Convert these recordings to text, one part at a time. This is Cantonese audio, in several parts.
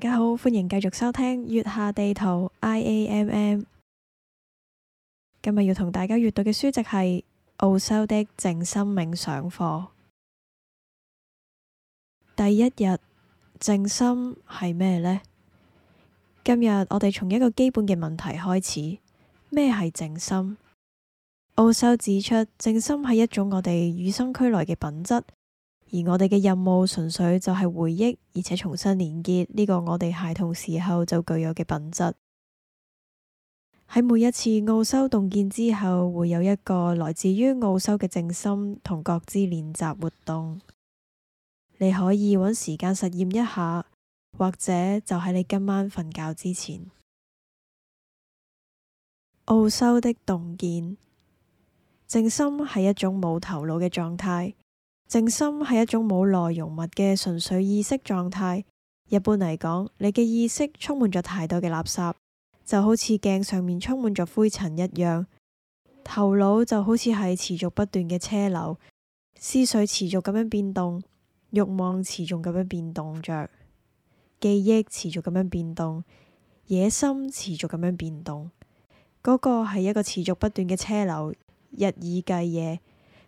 大家好，歡迎繼續收聽月下地圖 I A M M。今日要同大家閱讀嘅書籍係《奧修的靜心冥想課》。第一日，靜心係咩呢？今日我哋從一個基本嘅問題開始：咩係靜心？奧修指出，靜心係一種我哋與生俱來嘅品質。而我哋嘅任務純粹就係回憶，而且重新連結呢個我哋孩童時候就具有嘅品質。喺每一次奧修洞見之後，會有一個來自於奧修嘅靜心同覺知練習活動。你可以揾時間實驗一下，或者就喺你今晚瞓覺之前。奧修的洞見，靜心係一種冇頭腦嘅狀態。靜心係一種冇內容物嘅純粹意識狀態。一般嚟講，你嘅意識充滿咗太多嘅垃圾，就好似鏡上面充滿咗灰塵一樣。頭腦就好似係持續不斷嘅車流，思緒持續咁樣變動，欲望持續咁樣變動着，記憶持續咁樣變動，野心持續咁樣變動。嗰個係一個持續不斷嘅車流，日以繼夜。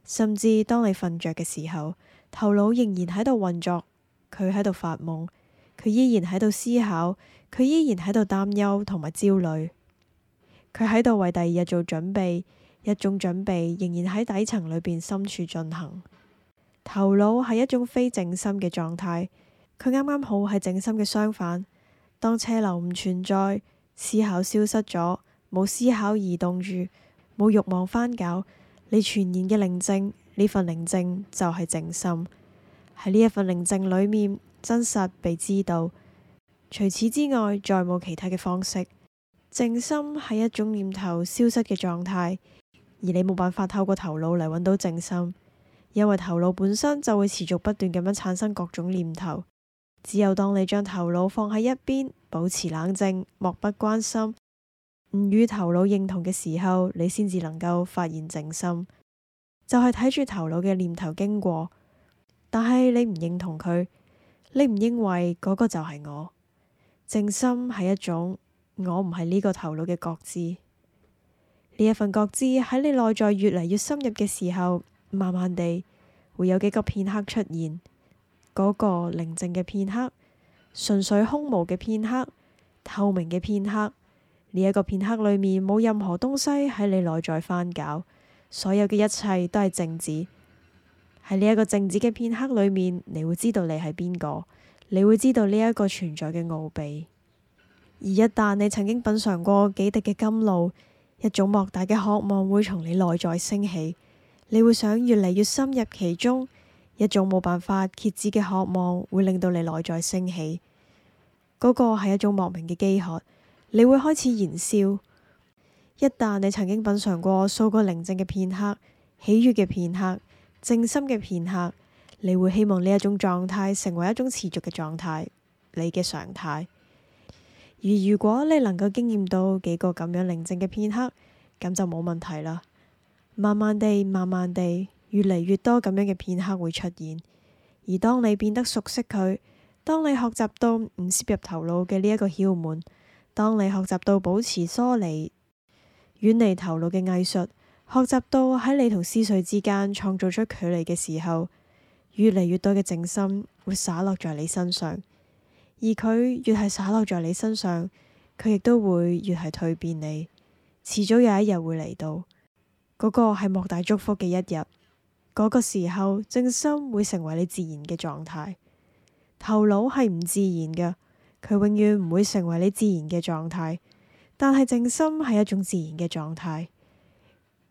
甚至當你瞓着嘅時候，頭腦仍然喺度運作，佢喺度發夢，佢依然喺度思考，佢依然喺度擔憂同埋焦慮，佢喺度為第二日做準備，一種準備仍然喺底層裏邊深處進行。頭腦係一種非靜心嘅狀態，佢啱啱好係靜心嘅相反。當車流唔存在，思考消失咗，冇思考移動住，冇欲望翻攪。你全然嘅寧靜，呢份寧靜就係靜心。喺呢一份寧靜裏面真實被知道。除此之外，再冇其他嘅方式。靜心係一種念頭消失嘅狀態，而你冇辦法透過頭腦嚟搵到靜心，因為頭腦本身就會持續不斷咁樣產生各種念頭。只有當你將頭腦放喺一邊，保持冷靜，漠不關心。唔與頭腦認同嘅時候，你先至能夠發現靜心，就係睇住頭腦嘅念頭經過。但係你唔認同佢，你唔認為嗰個就係我。靜心係一種我唔係呢個頭腦嘅覺知。呢一份覺知喺你內在越嚟越深入嘅時候，慢慢地會有幾個片刻出現，嗰個寧靜嘅片刻，純粹空無嘅片刻，透明嘅片刻。呢一個片刻裏面冇任何東西喺你內在翻攪，所有嘅一切都係靜止。喺呢一個靜止嘅片刻裏面，你會知道你係邊個，你會知道呢一個存在嘅奧秘。而一旦你曾經品嘗過幾滴嘅甘露，一種莫大嘅渴望會從你內在升起，你會想越嚟越深入其中。一種冇辦法遏止嘅渴望會令到你內在升起，嗰個係一種莫名嘅飢渴。你會開始燃燒。一旦你曾經品嘗過數個寧靜嘅片刻、喜悅嘅片刻、靜心嘅片刻，你會希望呢一種狀態成為一種持續嘅狀態，你嘅常態。而如果你能夠經驗到幾個咁樣寧靜嘅片刻，咁就冇問題啦。慢慢地、慢慢地，越嚟越多咁樣嘅片刻會出現。而當你變得熟悉佢，當你學習到唔攝入頭腦嘅呢一個竅門。當你學習到保持疏離、遠離頭腦嘅藝術，學習到喺你同思緒之間創造出距離嘅時候，越嚟越多嘅靜心會灑落在你身上，而佢越係灑落在你身上，佢亦都會越係蛻變你。遲早有一日會嚟到，嗰個係莫大祝福嘅一日。嗰個時候，靜心會成為你自然嘅狀態，頭腦係唔自然嘅。佢永遠唔會成為你自然嘅狀態，但係靜心係一種自然嘅狀態。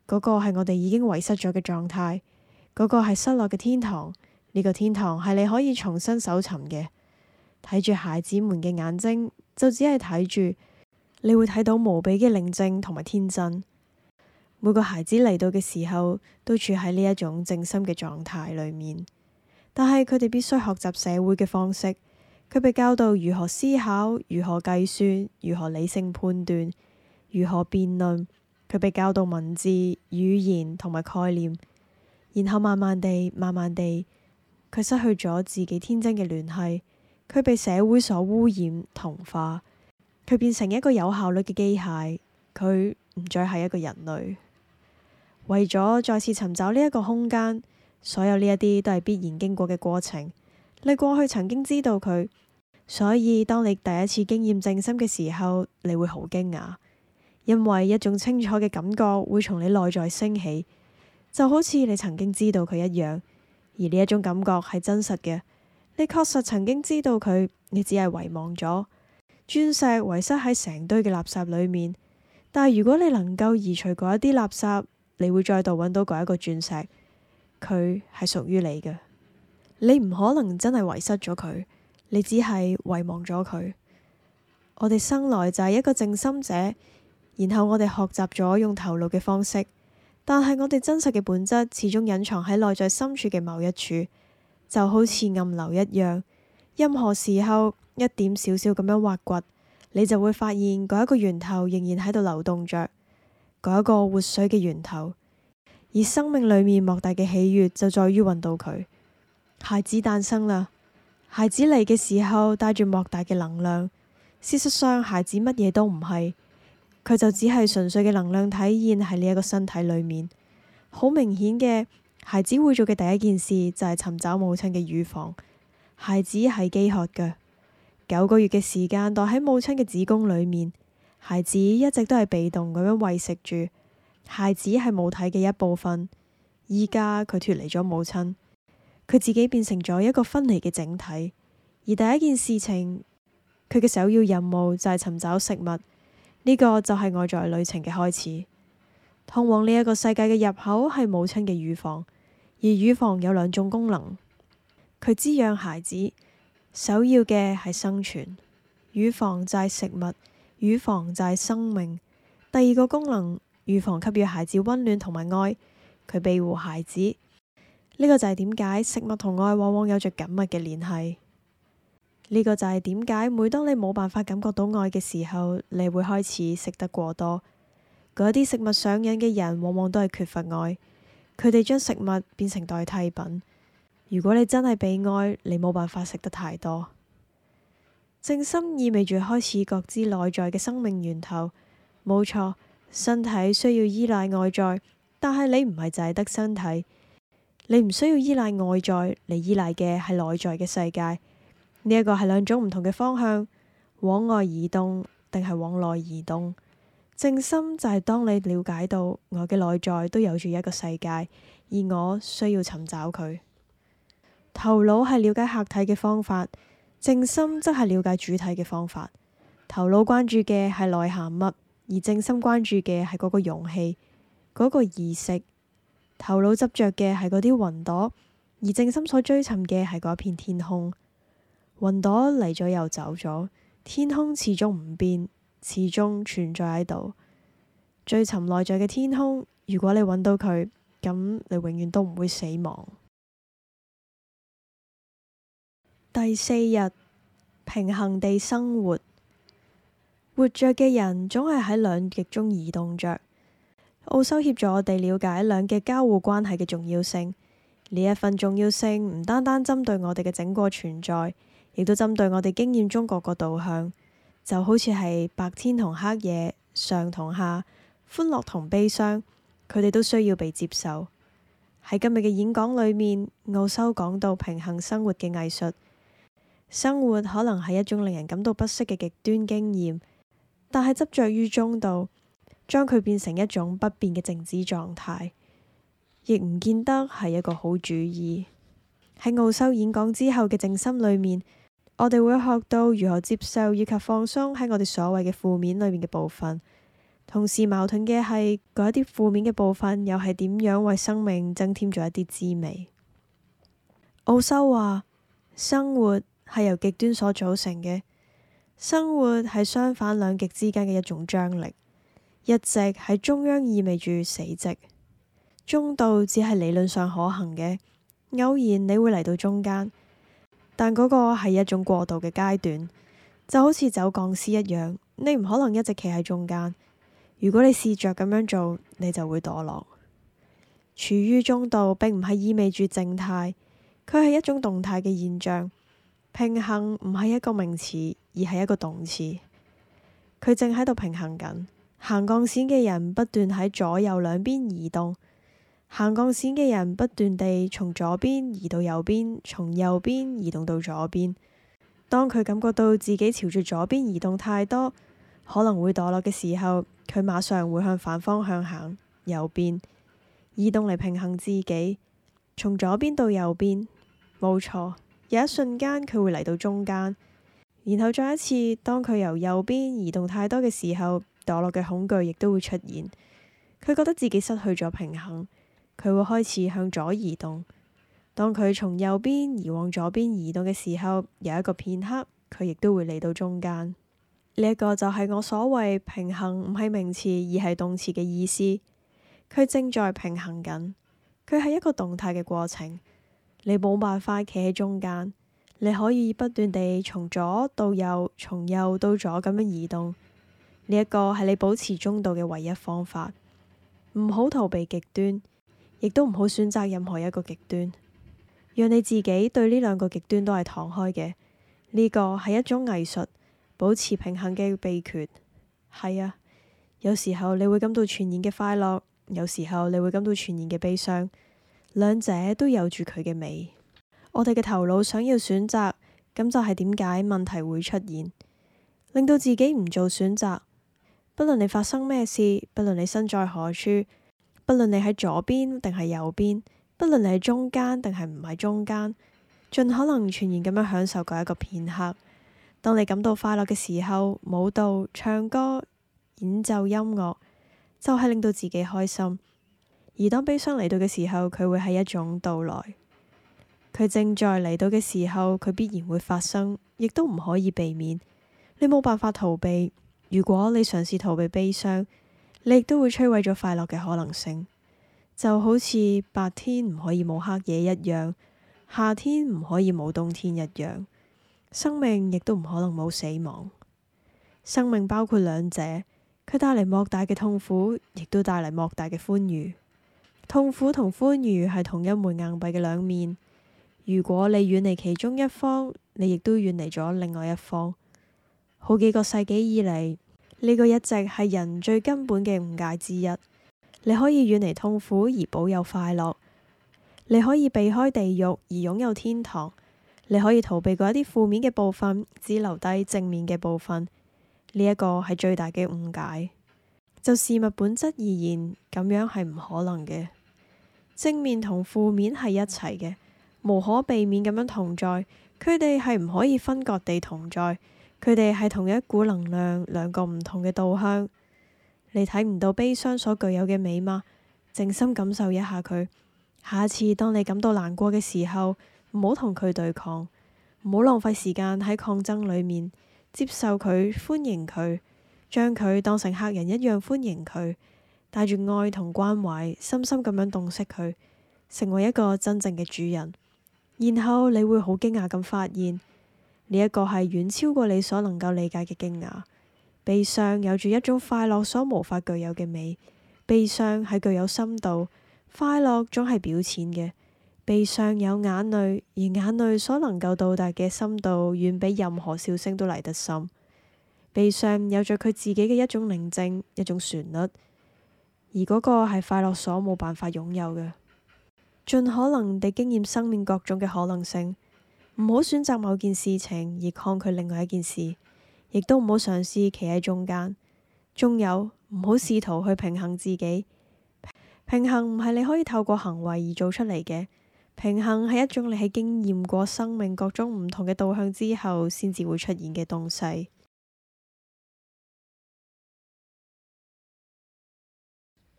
嗰個係我哋已經遺失咗嘅狀態，嗰個係失落嘅天堂。呢個天堂係你可以重新搜尋嘅。睇住孩子們嘅眼睛，就只係睇住，你會睇到無比嘅寧靜同埋天真。每個孩子嚟到嘅時候，都處喺呢一種靜心嘅狀態裏面，但係佢哋必須學習社會嘅方式。佢被教導如何思考，如何計算，如何理性判斷，如何辯論。佢被教導文字、語言同埋概念，然後慢慢地、慢慢地，佢失去咗自己天真嘅聯繫。佢被社會所污染、同化，佢變成一個有效率嘅機械。佢唔再係一個人類。為咗再次尋找呢一個空間，所有呢一啲都係必然經過嘅過程。你過去曾經知道佢，所以當你第一次經驗靜心嘅時候，你會好驚訝，因為一種清楚嘅感覺會從你內在升起，就好似你曾經知道佢一樣。而呢一種感覺係真實嘅，你確實曾經知道佢，你只係遺忘咗。鑽石遺失喺成堆嘅垃圾裏面。但係如果你能夠移除嗰一啲垃圾，你會再度搵到嗰一個鑽石，佢係屬於你嘅。你唔可能真係遺失咗佢，你只係遺忘咗佢。我哋生來就係一個靜心者，然後我哋學習咗用頭腦嘅方式，但係我哋真實嘅本質始終隱藏喺內在深處嘅某一處，就好似暗流一樣。任何時候一點少少咁樣挖掘，你就會發現嗰一個源頭仍然喺度流動着，嗰一個活水嘅源頭。而生命裏面莫大嘅喜悅就在於揾到佢。孩子誕生啦！孩子嚟嘅時候帶住莫大嘅能量。事實上，孩子乜嘢都唔係，佢就只係純粹嘅能量體現喺呢一個身體裏面。好明顯嘅，孩子會做嘅第一件事就係尋找母親嘅乳房。孩子係飢渴嘅。九個月嘅時間待喺母親嘅子宮裏面，孩子一直都係被動咁樣餵食住。孩子係母體嘅一部分，依家佢脫離咗母親。佢自己變成咗一個分離嘅整體，而第一件事情，佢嘅首要任務就係尋找食物，呢個就係外在旅程嘅開始。通往呢一個世界嘅入口係母親嘅乳房，而乳房有兩種功能，佢滋養孩子，首要嘅係生存。乳房就係食物，乳房就係生命。第二個功能，乳房給予孩子溫暖同埋愛，佢庇護孩子。呢個就係點解食物同愛往往有着緊密嘅聯繫。呢、這個就係點解每當你冇辦法感覺到愛嘅時候，你會開始食得過多。嗰啲食物上癮嘅人，往往都係缺乏愛，佢哋將食物變成代替品。如果你真係被愛，你冇辦法食得太多。靜心意味住開始覺知內在嘅生命源頭。冇錯，身體需要依賴外在，但係你唔係淨係得身體。你唔需要依賴外在，你依賴嘅係內在嘅世界。呢、這、一個係兩種唔同嘅方向，往外移動定係往內移動。靜心就係當你了解到我嘅內在都有住一個世界，而我需要尋找佢。頭腦係了解客體嘅方法，靜心則係了解主體嘅方法。頭腦關注嘅係內涵乜，而靜心關注嘅係嗰個容器，嗰、那個儀式。頭腦執着嘅係嗰啲雲朵，而靜心所追尋嘅係嗰片天空。雲朵嚟咗又走咗，天空始終唔變，始終存在喺度。追尋內在嘅天空，如果你揾到佢，咁你永遠都唔會死亡。第四日，平衡地生活。活着嘅人總係喺兩極中移動着。奧修協助我哋了解兩嘅交互關係嘅重要性，呢一份重要性唔單單針對我哋嘅整個存在，亦都針對我哋經驗中各個導向，就好似係白天同黑夜、上同下、歡樂同悲傷，佢哋都需要被接受。喺今日嘅演講裏面，奧修講到平衡生活嘅藝術，生活可能係一種令人感到不適嘅極端經驗，但係執着於中道。將佢變成一種不變嘅靜止狀態，亦唔見得係一個好主意。喺奧修演講之後嘅靜心裏面，我哋會學到如何接受以及放鬆喺我哋所謂嘅負面裏面嘅部分。同時矛盾嘅係嗰一啲負面嘅部分，又係點樣為生命增添咗一啲滋味。奧修話：生活係由極端所組成嘅，生活係相反兩極之間嘅一種張力。一直喺中央意味住死寂，中道，只係理論上可行嘅。偶然你會嚟到中間，但嗰個係一種過渡嘅階段，就好似走鋼絲一樣。你唔可能一直企喺中間。如果你試着咁樣做，你就會墮落。處於中道，並唔係意味住靜態，佢係一種動態嘅現象。平衡唔係一個名詞，而係一個動詞，佢正喺度平衡緊。行鋼線嘅人不斷喺左右兩邊移動。行鋼線嘅人不斷地從左邊移到右邊，從右邊移動到左邊。當佢感覺到自己朝住左邊移動太多，可能會墮落嘅時候，佢馬上會向反方向行右邊移動嚟平衡自己，從左邊到右邊。冇錯，有一瞬間佢會嚟到中間，然後再一次，當佢由右邊移動太多嘅時候。墮落嘅恐懼亦都會出現，佢覺得自己失去咗平衡，佢會開始向左移動。當佢從右邊移往左邊移動嘅時候，有一個片刻，佢亦都會嚟到中間。呢個就係我所謂平衡，唔係名詞，而係動詞嘅意思。佢正在平衡緊，佢係一個動態嘅過程。你冇辦法企喺中間，你可以不斷地從左到右，從右到左咁樣移動。呢一個係你保持中度嘅唯一方法，唔好逃避極端，亦都唔好選擇任何一個極端，讓你自己對呢兩個極端都係敞開嘅。呢個係一種藝術，保持平衡嘅秘訣。係啊，有時候你會感到全然嘅快樂，有時候你會感到全然嘅悲傷，兩者都有住佢嘅美。我哋嘅頭腦想要選擇，咁就係點解問題會出現，令到自己唔做選擇。不論你發生咩事，不論你身在何處，不論你喺左邊定係右邊，不論你喺中間定係唔喺中間，盡可能全然咁樣享受嗰一個片刻。當你感到快樂嘅時候，舞蹈、唱歌、演奏音樂，就係令到自己開心。而當悲傷嚟到嘅時候，佢會係一種到來。佢正在嚟到嘅時候，佢必然會發生，亦都唔可以避免。你冇辦法逃避。如果你嘗試逃避悲傷，你亦都會摧毀咗快樂嘅可能性。就好似白天唔可以冇黑夜一樣，夏天唔可以冇冬天一樣，生命亦都唔可能冇死亡。生命包括兩者，佢帶嚟莫大嘅痛苦，亦都帶嚟莫大嘅歡愉。痛苦同歡愉係同一枚硬幣嘅兩面。如果你遠離其中一方，你亦都遠離咗另外一方。好幾個世紀以嚟，呢個一直係人最根本嘅誤解之一。你可以遠離痛苦而保有快樂，你可以避開地獄而擁有天堂，你可以逃避過一啲負面嘅部分，只留低正面嘅部分。呢一個係最大嘅誤解。就事物本質而言，咁樣係唔可能嘅。正面同負面係一齊嘅，無可避免咁樣同在，佢哋係唔可以分割地同在。佢哋係同一股能量，兩個唔同嘅稻香。你睇唔到悲傷所具有嘅美嗎？靜心感受一下佢。下次當你感到難過嘅時候，唔好同佢對抗，唔好浪費時間喺抗爭裏面。接受佢，歡迎佢，將佢當成客人一樣歡迎佢，帶住愛同關懷，深深咁樣洞悉佢，成為一個真正嘅主人。然後你會好驚訝咁發現。呢一個係遠超過你所能夠理解嘅驚訝，悲傷有住一種快樂所無法具有嘅美。悲傷係具有深度，快樂總係表淺嘅。悲傷有眼淚，而眼淚所能夠到達嘅深度，遠比任何笑聲都嚟得深。悲傷有着佢自己嘅一種寧靜，一種旋律，而嗰個係快樂所冇辦法擁有嘅。盡可能地經驗生命各種嘅可能性。唔好選擇某件事情而抗拒另外一件事，亦都唔好嘗試企喺中間。仲有唔好試圖去平衡自己，平衡唔係你可以透過行為而做出嚟嘅，平衡係一種你喺經驗過生命各種唔同嘅導向之後先至會出現嘅東西。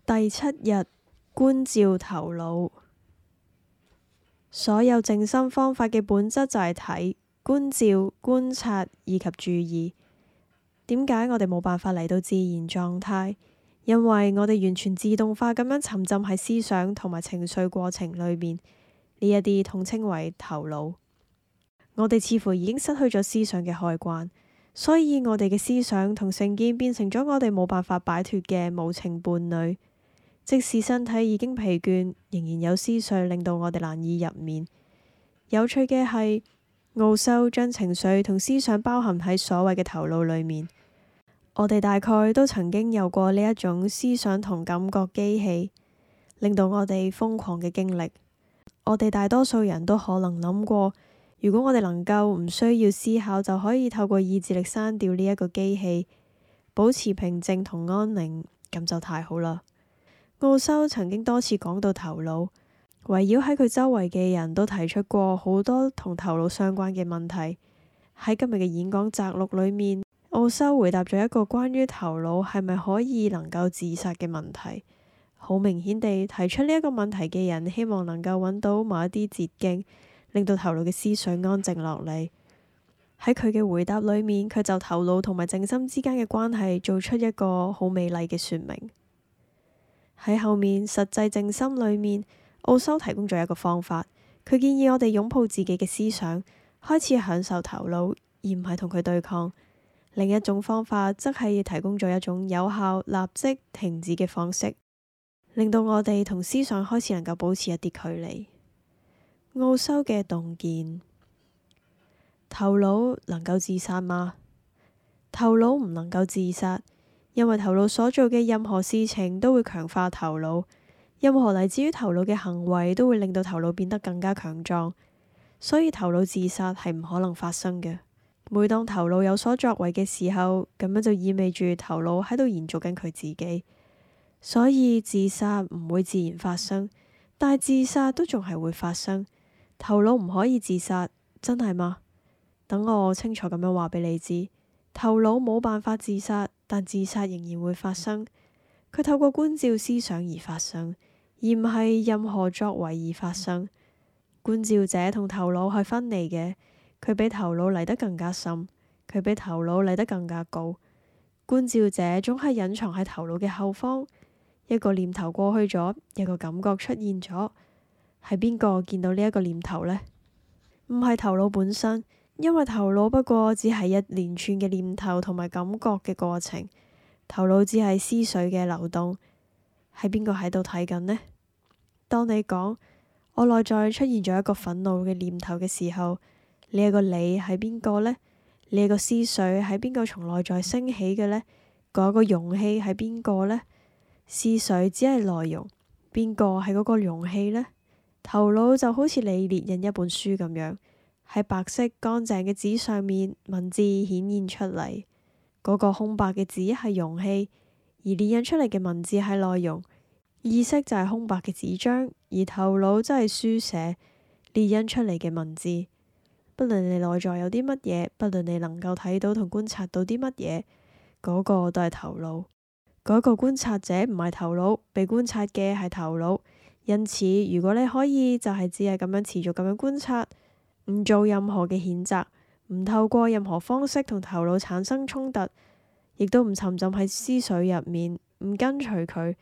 第七日，觀照頭腦。所有靜心方法嘅本質就係睇、觀照、觀察以及注意。點解我哋冇辦法嚟到自然狀態？因為我哋完全自動化咁樣沉浸喺思想同埋情緒過程裏面，呢一啲統稱為頭腦。我哋似乎已經失去咗思想嘅開關，所以我哋嘅思想同成見變成咗我哋冇辦法擺脫嘅無情伴侶。即使身體已經疲倦，仍然有思緒令到我哋難以入眠。有趣嘅係，奧修將情緒同思想包含喺所謂嘅頭腦裏面。我哋大概都曾經有過呢一種思想同感覺機器，令到我哋瘋狂嘅經歷。我哋大多數人都可能諗過，如果我哋能夠唔需要思考，就可以透過意志力刪掉呢一個機器，保持平靜同安寧，咁就太好啦。奧修曾經多次講到頭腦，圍繞喺佢周圍嘅人都提出過好多同頭腦相關嘅問題。喺今日嘅演講摘錄,錄裏面，奧修回答咗一個關於頭腦係咪可以能夠自殺嘅問題。好明顯地提出呢一個問題嘅人，希望能夠揾到某一啲捷徑，令到頭腦嘅思想安靜落嚟。喺佢嘅回答裏面，佢就頭腦同埋靜心之間嘅關係做出一個好美麗嘅說明。喺後面實際靜心裏面，奧修提供咗一個方法。佢建議我哋擁抱自己嘅思想，開始享受頭腦，而唔係同佢對抗。另一種方法則係提供咗一種有效立即停止嘅方式，令到我哋同思想開始能夠保持一啲距離。奧修嘅洞見：頭腦能夠自殺嗎？頭腦唔能夠自殺。因為頭腦所做嘅任何事情都會強化頭腦，任何嚟自於頭腦嘅行為都會令到頭腦變得更加強壯，所以頭腦自殺係唔可能發生嘅。每當頭腦有所作為嘅時候，咁樣就意味住頭腦喺度延續緊佢自己，所以自殺唔會自然發生，但係自殺都仲係會發生。頭腦唔可以自殺，真係嗎？等我清楚咁樣話俾你知，頭腦冇辦法自殺。但自殺仍然會發生，佢透過觀照思想而發生，而唔係任何作為而發生。觀照者同頭腦係分離嘅，佢比頭腦嚟得更加深，佢比頭腦嚟得更加高。觀照者總係隱藏喺頭腦嘅後方。一個念頭過去咗，一個感覺出現咗，係邊個見到呢一個念頭呢？唔係頭腦本身。因為頭腦不過只係一連串嘅念頭同埋感覺嘅過程，頭腦只係思緒嘅流動，係邊個喺度睇緊呢？當你講我內在出現咗一個憤怒嘅念頭嘅時候，你個你係邊個呢？你個思緒係邊個從內在升起嘅呢？嗰個容器係邊個呢？思緒只係內容，邊個係嗰個容器呢？頭腦就好似你列印一本書咁樣。喺白色乾淨嘅紙上面，文字顯現出嚟。嗰個空白嘅紙係容器，而列印出嚟嘅文字係內容。意識就係空白嘅紙張，而頭腦真係書寫列印出嚟嘅文字。不論你內在有啲乜嘢，不論你能夠睇到同觀察到啲乜嘢，嗰個都係頭腦。嗰個觀察者唔係頭腦，被觀察嘅係頭腦。因此，如果你可以就係只係咁樣持續咁樣觀察。唔做任何嘅譴責，唔透過任何方式同頭腦產生衝突，亦都唔沉浸喺思緒入面，唔跟隨佢，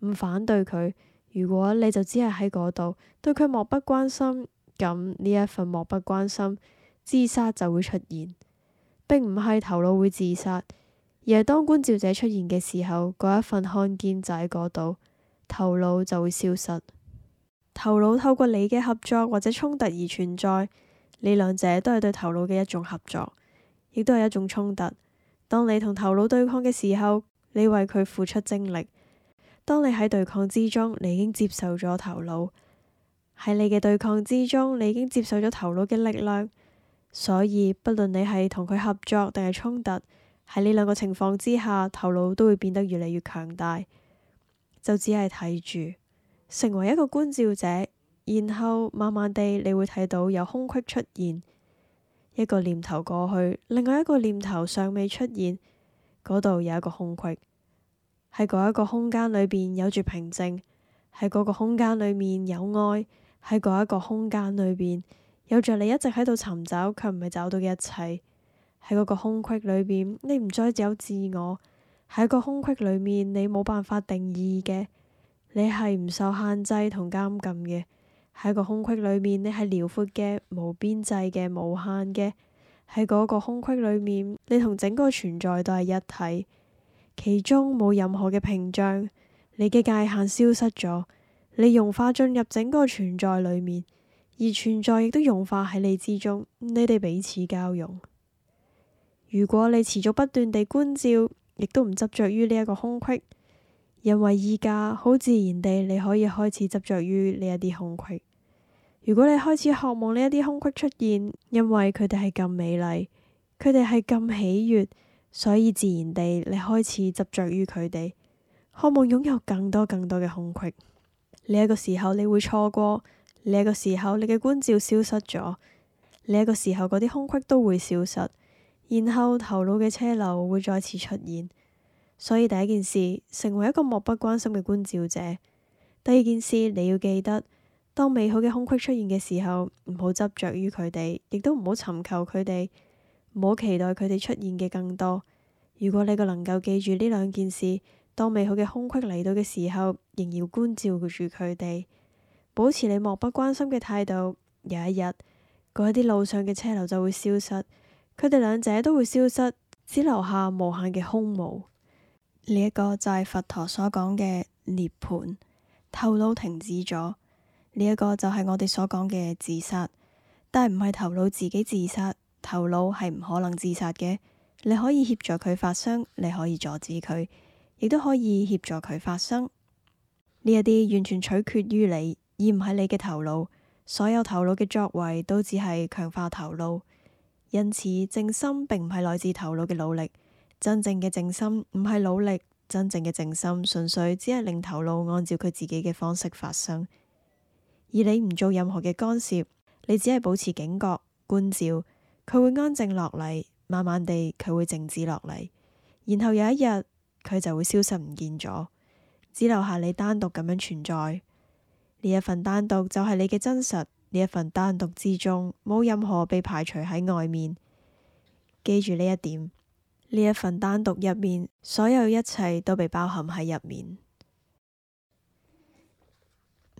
唔反對佢。如果你就只係喺嗰度對佢漠不關心，咁呢一份漠不關心自殺就會出現，並唔係頭腦會自殺，而係當觀照者出現嘅時候，嗰一份看見就喺嗰度，頭腦就會消失。頭腦透過你嘅合作或者衝突而存在。你兩者都係對頭腦嘅一種合作，亦都係一種衝突。當你同頭腦對抗嘅時候，你為佢付出精力；當你喺對抗之中，你已經接受咗頭腦；喺你嘅對抗之中，你已經接受咗頭腦嘅力量。所以不論你係同佢合作定係衝突，喺呢兩個情況之下，頭腦都會變得越嚟越強大。就只係睇住，成為一個觀照者。然後慢慢地，你會睇到有空隙出現。一個念頭過去，另外一個念頭尚未出現，嗰度有一個空隙，喺嗰一個空間裏邊有住平靜，喺嗰個空間裏面有愛，喺嗰一個空間裏邊有著你一直喺度尋找，卻唔係找到嘅一切。喺嗰個空隙裏邊，你唔再只有自我。喺個空隙裏面，你冇辦法定義嘅，你係唔受限制同監禁嘅。喺個空隙裏面，你係遼闊嘅、無邊際嘅、無限嘅。喺嗰個空隙裏面，你同整個存在都係一體，其中冇任何嘅屏障，你嘅界限消失咗，你融化進入整個存在裏面，而存在亦都融化喺你之中，你哋彼此交融。如果你持續不斷地觀照，亦都唔執着於呢一個空隙，因為依家好自然地你可以開始執着於呢一啲空隙。如果你開始渴望呢一啲空隙出現，因為佢哋係咁美麗，佢哋係咁喜悅，所以自然地你開始執着於佢哋，渴望擁有更多更多嘅空隙。呢一個時候你會錯過，呢一個時候你嘅觀照消失咗，呢一個時候嗰啲空隙都會消失，然後頭腦嘅車流會再次出現。所以第一件事，成為一個漠不關心嘅觀照者；第二件事，你要記得。當美好嘅空隙出現嘅時候，唔好執着於佢哋，亦都唔好尋求佢哋，唔好期待佢哋出現嘅更多。如果你個能夠記住呢兩件事，當美好嘅空隙嚟到嘅時候，仍要觀照住佢哋，保持你漠不關心嘅態度。有一日，嗰啲路上嘅車流就會消失，佢哋兩者都會消失，只留下無限嘅空無。呢一個就係佛陀所講嘅涅槃，頭腦停止咗。呢一個就係我哋所講嘅自殺，但係唔係頭腦自己自殺，頭腦係唔可能自殺嘅。你可以協助佢發生，你可以阻止佢，亦都可以協助佢發生。呢一啲完全取決於你，而唔係你嘅頭腦。所有頭腦嘅作為都只係強化頭腦，因此，靜心並唔係來自頭腦嘅努力。真正嘅靜心唔係努力，真正嘅靜心純粹只係令頭腦按照佢自己嘅方式發生。而你唔做任何嘅干涉，你只係保持警覺、觀照，佢會安靜落嚟，慢慢地佢會靜止落嚟，然後有一日佢就會消失唔見咗，只留下你單獨咁樣存在。呢一份單獨就係你嘅真實，呢一份單獨之中冇任何被排除喺外面。記住呢一點，呢一份單獨入面所有一切都被包含喺入面。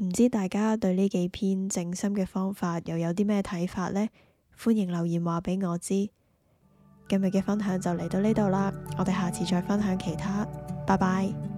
唔知大家對呢幾篇靜心嘅方法又有啲咩睇法呢？歡迎留言話畀我知。今日嘅分享就嚟到呢度啦，我哋下次再分享其他。拜拜。